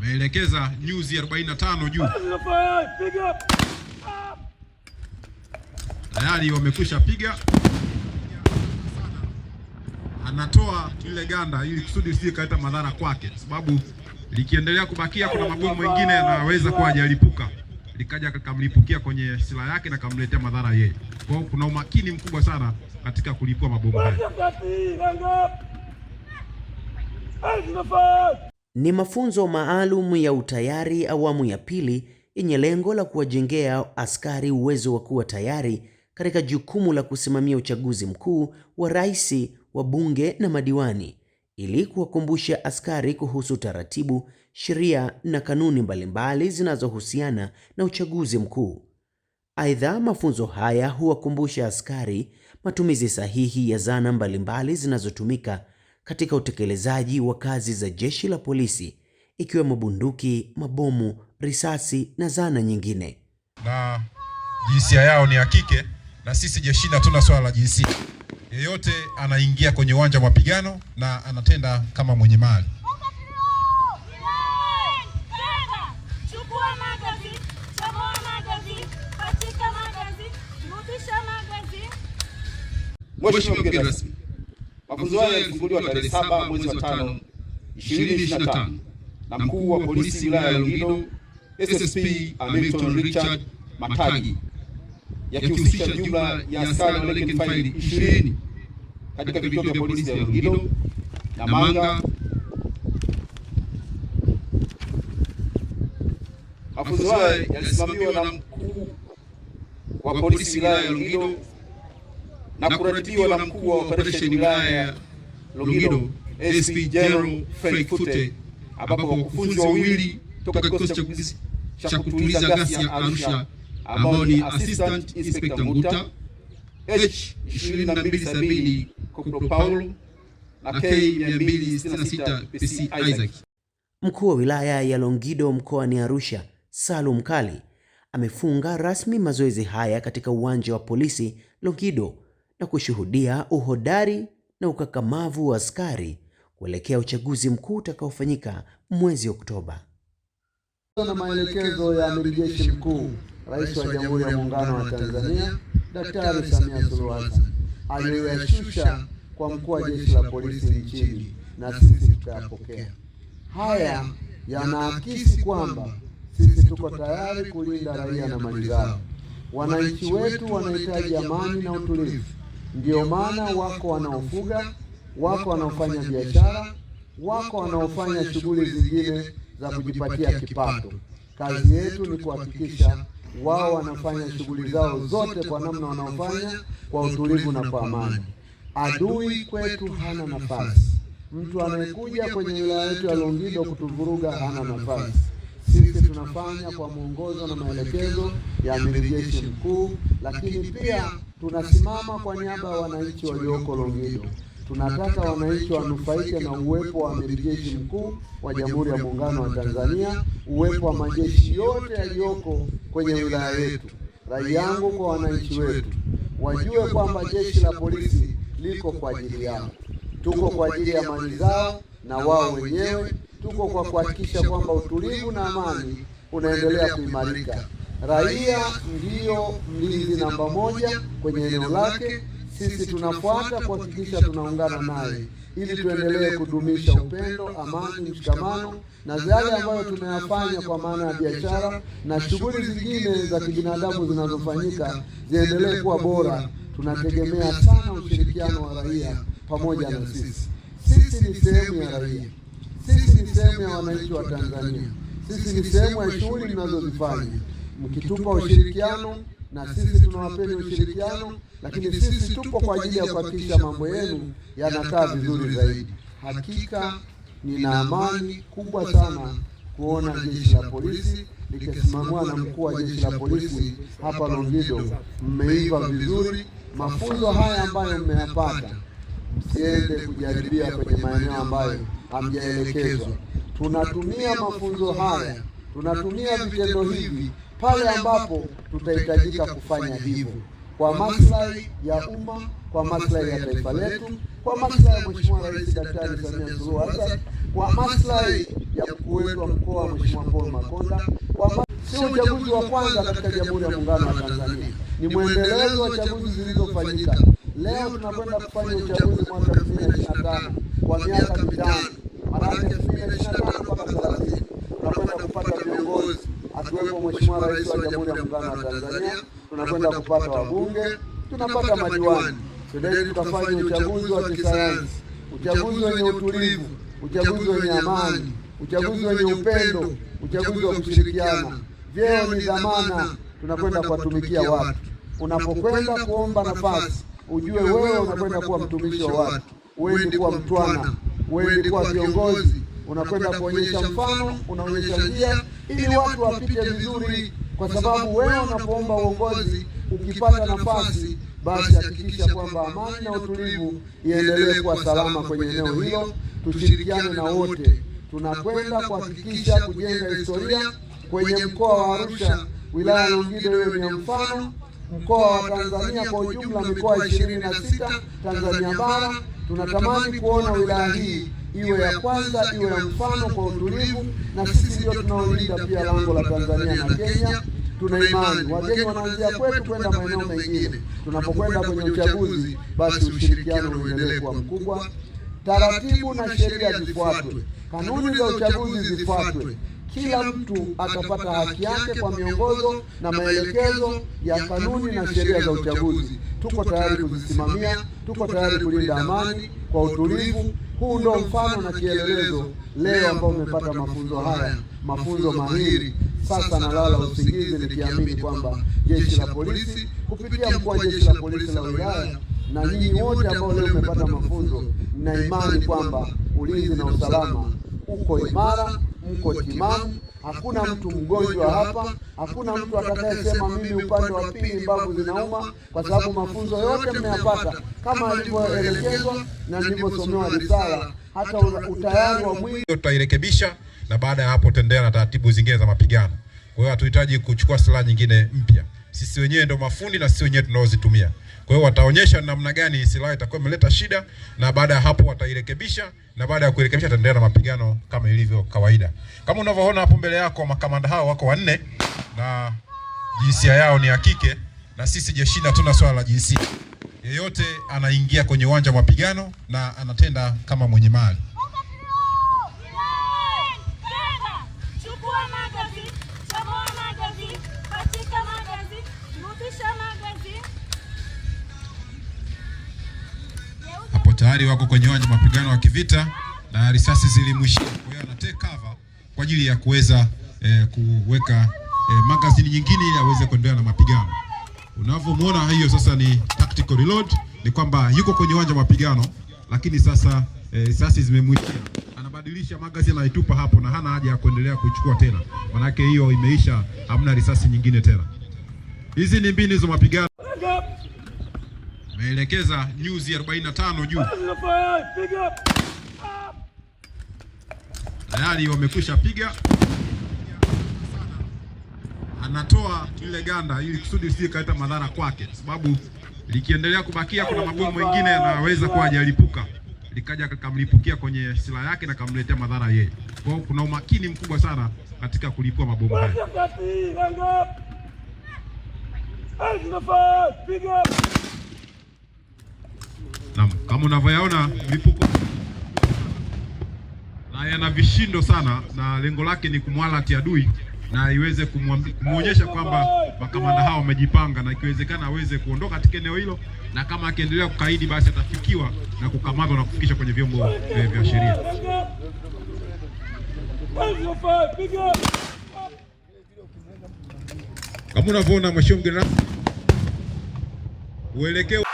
Meelekeza nyuzi 45 juu. Tayari wamekwisha piga. Anatoa ile ganda ili kusudi usije kaleta madhara kwake, sababu likiendelea kubakia, kuna mabomu mengine yanaweza kuwa hajalipuka likaja kamlipukia kwenye silaha yake na kamletea madhara yeye. Kwa hiyo kuna umakini mkubwa sana katika kulipua mabomu haya. Ni mafunzo maalum ya utayari awamu ya pili yenye lengo la kuwajengea askari uwezo wa kuwa tayari katika jukumu la kusimamia uchaguzi mkuu wa rais, wa bunge na madiwani ili kuwakumbusha askari kuhusu taratibu, sheria na kanuni mbalimbali zinazohusiana na uchaguzi mkuu. Aidha, mafunzo haya huwakumbusha askari matumizi sahihi ya zana mbalimbali zinazotumika katika utekelezaji wa kazi za jeshi la polisi ikiwemo bunduki, mabomu, risasi na zana nyingine. Na jinsia yao ni ya kike, na sisi jeshini hatuna swala la jinsia. Yeyote anaingia kwenye uwanja wa mapigano na anatenda kama mwenye mali. Mheshimiwa mgeni rasmi Mafunzo haya yalifunguliwa tarehe 7 mwezi wa tano 2025 na mkuu wa polisi wilaya ya Longido SSP Hamilton Richard Matagi yakihusisha jumla ya askari wa faili 20 katika vituo vya polisi vya Longido, Manga. Mafunzo haya yalisimamiwa na mkuu wa polisi wilaya ya Longido na kuratibiwa na mkuu wa operesheni wilaya Longido SP General Frank Fute, ambapo wakufunzi wawili toka kikosi cha cha kutuliza gasi ya Arusha ambao ni Assistant Inspector Nguta H2270 Koplo Paulo na K266 PC Isaac. Mkuu wa wilaya ya Longido mkoani Arusha, Salum Kali, amefunga rasmi mazoezi haya katika uwanja wa polisi Longido na kushuhudia uhodari na ukakamavu wa askari kuelekea uchaguzi mkuu utakaofanyika mwezi Oktoba. Na maelekezo ya Amiri Jeshi Mkuu, Rais wa Jamhuri ya Muungano wa Tanzania Daktari Samia Suluhu Hassan aliyoyashusha kwa mkuu wa jeshi la polisi nchini, na sisi tutayapokea. Haya yanaakisi kwamba sisi tuko tayari kulinda raia na mali zao. Wananchi wetu wanahitaji amani na utulivu. Ndiyo maana wako wanaofuga, wako wanaofanya biashara, wako wanaofanya shughuli zingine za kujipatia kipato. Kazi yetu ni kuhakikisha wao wanafanya shughuli zao zote kwa namna wanaofanya kwa utulivu na kwa amani. Adui kwetu hana nafasi. Mtu anayekuja kwenye wilaya yetu ya Longido kutuvuruga hana nafasi. Sisi tunafanya kwa mwongozo na maelekezo ya amiri jeshi mkuu lakini pia tunasimama kwa niaba ya wananchi walioko Longido. Tunataka wananchi wanufaike na uwepo wa amiri jeshi mkuu wa Jamhuri ya Muungano wa Tanzania, uwepo wa majeshi yote yaliyoko kwenye wilaya yetu. Rai yangu kwa wananchi wetu, wajue kwamba jeshi la polisi liko kwa ajili yao, tuko kwa ajili ya mali zao na wao wenyewe, tuko kwa kuhakikisha kwamba utulivu na amani unaendelea kuimarika. Raia ndiyo mlinzi namba moja kwenye eneo lake. Sisi tunafuata kuhakikisha tunaungana naye ili tuendelee kudumisha upendo, amani, mshikamano na yale ambayo tumeyafanya kwa maana ya biashara na shughuli zingine za kibinadamu zinazofanyika ziendelee kuwa bora. Tunategemea sana ushirikiano wa raia pamoja na sisi. Sisi ni sehemu ya raia, sisi ni sehemu ya wananchi wa Tanzania, sisi ni sehemu ya shughuli mnazozifanya mkitupa ushirikiano na sisi tunawapeni ushirikiano, lakini sisi tupo kwa ajili ya kuhakikisha mambo yenu yanakaa vizuri zaidi. Hakika nina amani kubwa sana kuona jeshi la polisi likisimamiwa na mkuu wa jeshi la polisi hapa Longido. Mmeiva vizuri mafunzo haya ambayo mmeyapata, msiende kujaribia kwenye maeneo ambayo hamjaelekezwa. Tunatumia mafunzo haya, tunatumia vitendo hivi pale ambapo tutahitajika kufanya hivyo kwa maslahi ya umma, kwa maslahi ya taifa letu, kwa maslahi ya Mheshimiwa Rais Daktari Samia Suluhu Hassan, kwa maslahi ya mkuu wetu wa mkoa Mheshimiwa Paul Makonda. Sio uchaguzi wa kwanza katika Jamhuri ya Muungano wa Tanzania, ni mwendelezo wa chaguzi zilizofanyika. Leo tunakwenda kufanya uchaguzi mwaka 2025 kwa miaka mitano, maanake 2025 mpaka tunakwenda kupata viongozi akiwemo Mheshimiwa Rais wa Jamhuri ya Muungano wa Tanzania, tunakwenda kupata wabunge, tunapata madiwani. Tunaenda tukafanya uchaguzi wa kisayansi, uchaguzi wenye utulivu, uchaguzi wenye amani, uchaguzi wenye upendo, uchaguzi wa kushirikiana. Vyeo ni dhamana, tunakwenda kuwatumikia watu. Unapokwenda kuomba nafasi, ujue wewe unakwenda kuwa mtumishi wa watu, uendi kuwa mtwana, uendi kuwa viongozi, unakwenda kuonyesha mfano, unaonyesha njia ili watu wapite vizuri, kwa sababu wewe unapoomba uongozi, ukipata nafasi, basi hakikisha kwamba amani na utulivu iendelee kuwa salama kwenye eneo hilo. Tushirikiane na wote, tunakwenda kuhakikisha kujenga historia kwenye mkoa wa Arusha, wilaya ya Longido iwe ni mfano mkoa wa Tanzania kwa ujumla, mikoa ishirini na sita Tanzania bara. Tunatamani kuona wilaya hii iwe ya kwanza, iwe ya mfano kwa utulivu, na sisi ndio tunaolinda pia lango la Tanzania na Kenya. Tuna imani wageni wanaanzia kwetu kwenda maeneo mengine. Tunapokwenda kwenye uchaguzi, basi ushirikiano uendelee kuwa mkubwa. Taratibu na sheria zifuatwe, kanuni za uchaguzi zifuatwe kila mtu atapata haki yake kwa miongozo na maelekezo ya kanuni na sheria za uchaguzi. Tuko tayari kuzisimamia, tuko tayari kulinda amani kwa utulivu. Huu ndio mfano na kielelezo leo ambao umepata mafunzo haya, mafunzo mahiri. Sasa nalala usingizi nikiamini kwamba jeshi la polisi kupitia mkuu wa jeshi la polisi la wilaya na nyinyi wote ambao leo mmepata mafunzo, na imani kwamba ulinzi na usalama uko imara mko timamu, hakuna mtu mgonjwa hapa, hakuna mtu atakayesema mimi upande wa pili mbavu zinauma, kwa sababu mafunzo yote mmeyapata kama alivyoelekezwa na nilivyosomewa risala, hata utayari wa mwili tutairekebisha, na baada ya hapo tendea na taratibu zingine za mapigano. Kwa hiyo hatuhitaji kuchukua silaha nyingine mpya sisi wenyewe ndo mafundi na sisi wenyewe tunaozitumia. Kwa hiyo wataonyesha namna gani silaha itakuwa imeleta shida, na baada ya hapo watairekebisha, na baada ya kuirekebisha ataendelea na mapigano kama ilivyo kawaida. Kama unavyoona hapo mbele yako, makamanda hao wako wanne na jinsia yao ni ya kike, na sisi jeshini hatuna swala la jinsia. Yeyote anaingia kwenye uwanja wa mapigano na anatenda kama mwenye mali. tayari wako kwenye uwanja mapigano wa kivita na risasi zilimwishia, kwa hiyo anatake cover kwa ajili ya kuweza e, kuweka e, magazini nyingine ili aweze kuendelea na mapigano. Unavyomwona hiyo sasa ni tactical reload, ni kwamba yuko kwenye uwanja wa mapigano, lakini sasa eh, risasi eh, zimemwishia, anabadilisha magazini, anaitupa hapo na hana haja ya kuendelea kuchukua tena, manake hiyo imeisha, hamna risasi nyingine tena. Hizi ni mbinu za mapigano meelekeza nyuzi 45 juu. Tayari wamekwisha piga. Anatoa lile ganda ili kusudi lisije kaleta madhara kwake, sababu likiendelea kubakia, kuna mabomu mengine yanaweza kuwa hajalipuka likaja kamlipukia kwenye silaha yake na kamletea madhara yeye. Kwa hiyo kuna umakini mkubwa sana katika kulipua mabomu haya. Naam, kama unavyoyaona mlipuko na yana vishindo sana, na lengo lake ni kumwalati adui na iweze kumwonyesha kwamba makamanda hao wamejipanga, na ikiwezekana aweze kuondoka katika eneo hilo, na kama akiendelea kukaidi, basi atafikiwa na kukamatwa na kufikishwa kwenye vyombo eh, vya sheria. Kama unavyoona mheshimiwa mgeni rasmi uelekeo